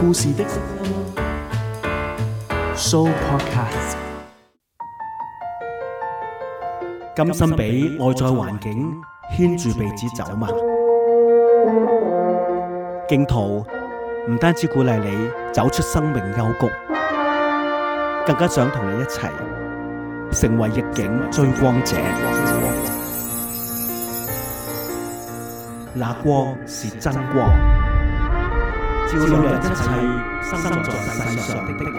故事的 So Podcast，甘心俾外在環境牽住鼻子走嗎？荊徒唔單止鼓勵你走出生命幽谷，更加想同你一齊成為逆境追光者。那光是真光。照亮一切生存在世上的的人，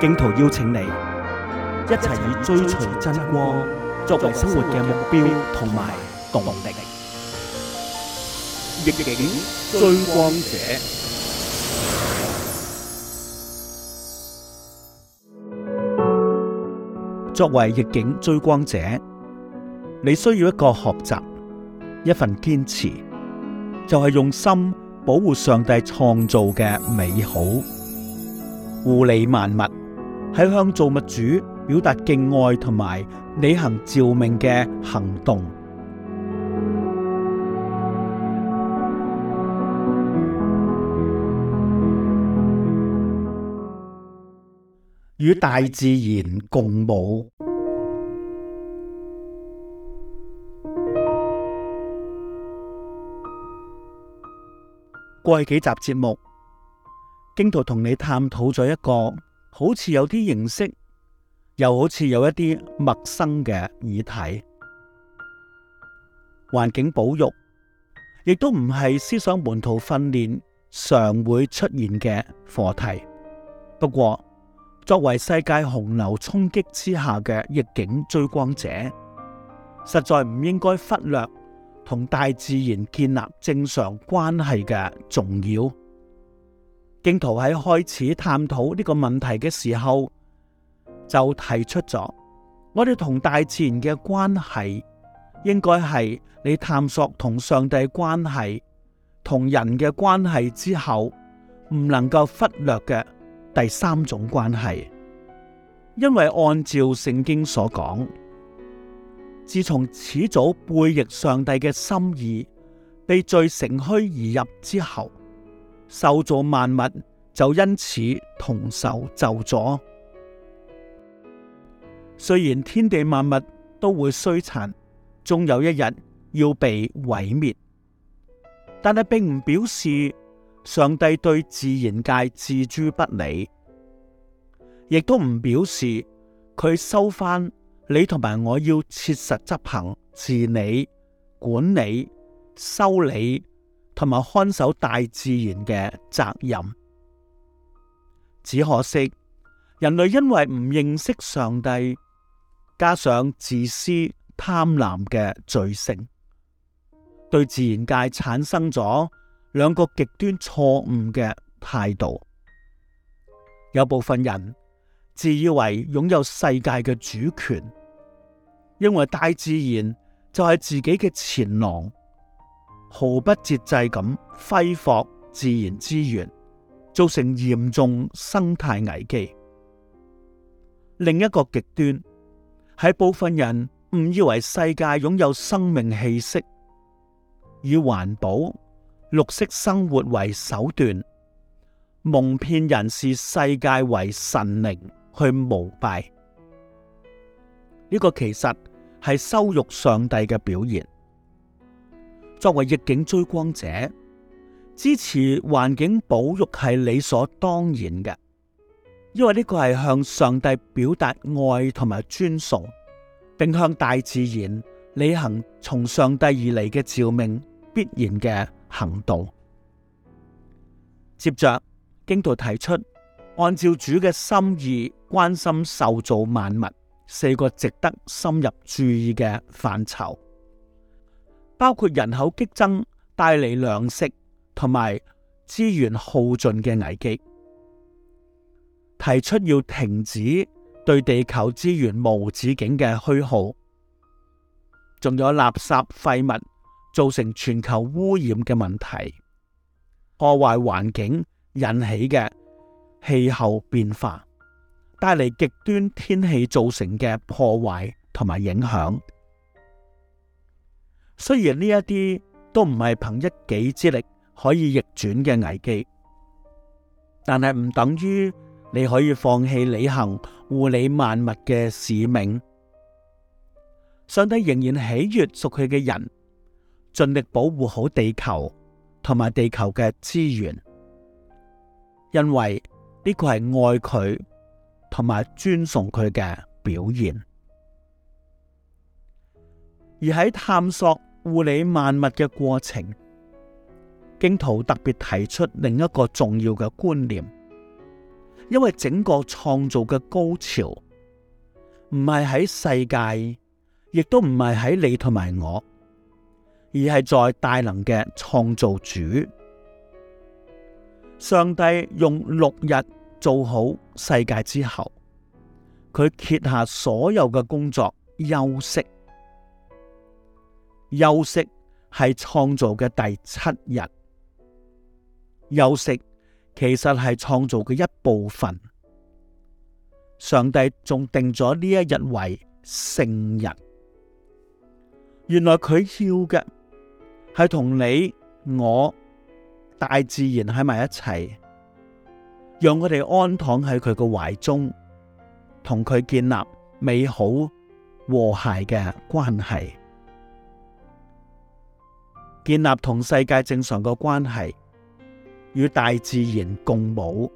荊徒邀請你一齊以追隨真光作為生活嘅目標同埋動力。逆境追光者，作為逆境追光者，你需要一個學習，一份堅持，就係用心。保護上帝創造嘅美好，護理萬物，係向造物主表達敬愛同埋履行召命嘅行動，與大自然共舞。過去幾集節目，荊徒同你探討咗一個好似有啲認識，又好似有一啲陌生嘅議題。環境保育亦都唔係思想門徒訓練常會出現嘅課題。不過，作為世界洪流衝擊之下嘅逆境追光者，實在唔應該忽略。同大自然建立正常關係嘅重要，荊徒喺開始探討呢個問題嘅時候，就提出咗，我哋同大自然嘅關係，應該係你探索同上帝關係、同人嘅關係之後，唔能夠忽略嘅第三種關係，因為按照聖經所講。自從始祖背逆上帝嘅心意，被罪乘虛而入之後，受造萬物就因此同受咒詛。雖然天地萬物都會衰殘，終有一日要被毀滅，但係並唔表示上帝對自然界置諸不理，亦都唔表示佢收返。你同埋我要切實執行治理、管理、修理同埋看守大自然嘅責任。只可惜人類因為唔認識上帝，加上自私貪婪嘅罪性，對自然界產生咗兩個極端錯誤嘅態度。有部分人。自以為擁有世界嘅主權，因為大自然就係自己嘅前囊，毫不節制咁揮霍自然資源，造成嚴重生態危機。另一個極端，係部分人誤以為世界擁有生命氣息，以環保、綠色生活為手段，蒙騙人視世界為神靈。去膜拜，呢、這個其實係羞辱上帝嘅表現。作為逆境追光者，支持環境保育係理所當然嘅，因為呢個係向上帝表達愛同埋尊崇，並向大自然履行從上帝而嚟嘅召命必然嘅行動。接着，經度提出。按照主嘅心意關心受造萬物，四個值得深入注意嘅範疇，包括人口激增帶嚟糧食同埋資源耗盡嘅危機，提出要停止對地球資源無止境嘅虛耗，仲有垃圾廢物造成全球污染嘅問題，破壞環境引起嘅。氣候變化帶嚟極端天氣造成嘅破壞同埋影響，雖然呢一啲都唔係憑一己之力可以逆轉嘅危機，但係唔等於你可以放棄履行護理萬物嘅使命。上帝仍然喜悅屬佢嘅人，盡力保護好地球同埋地球嘅資源，因為。呢個係愛佢同埋尊崇佢嘅表現，而喺探索護理萬物嘅過程，荊徒特別提出另一個重要嘅觀念，因為整個創造嘅高潮，唔係喺世界，亦都唔係喺你同埋我，而係在大能嘅創造主。上帝用六日做好世界之後，佢歇下所有嘅工作休息。休息係創造嘅第七日。休息其實係創造嘅一部分。上帝仲定咗呢一日為聖日。原來佢要嘅係同你我。大自然喺埋一齊，讓我哋安躺喺佢個懷中，同佢建立美好和諧嘅關係，建立同世界正常嘅關係，與大自然共舞。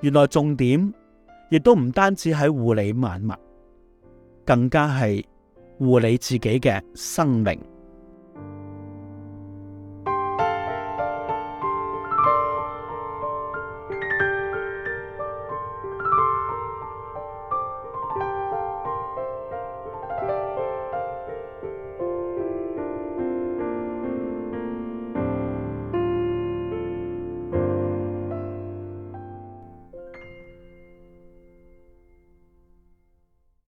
原來重點亦都唔單止係護理萬物，更加係護理自己嘅生命。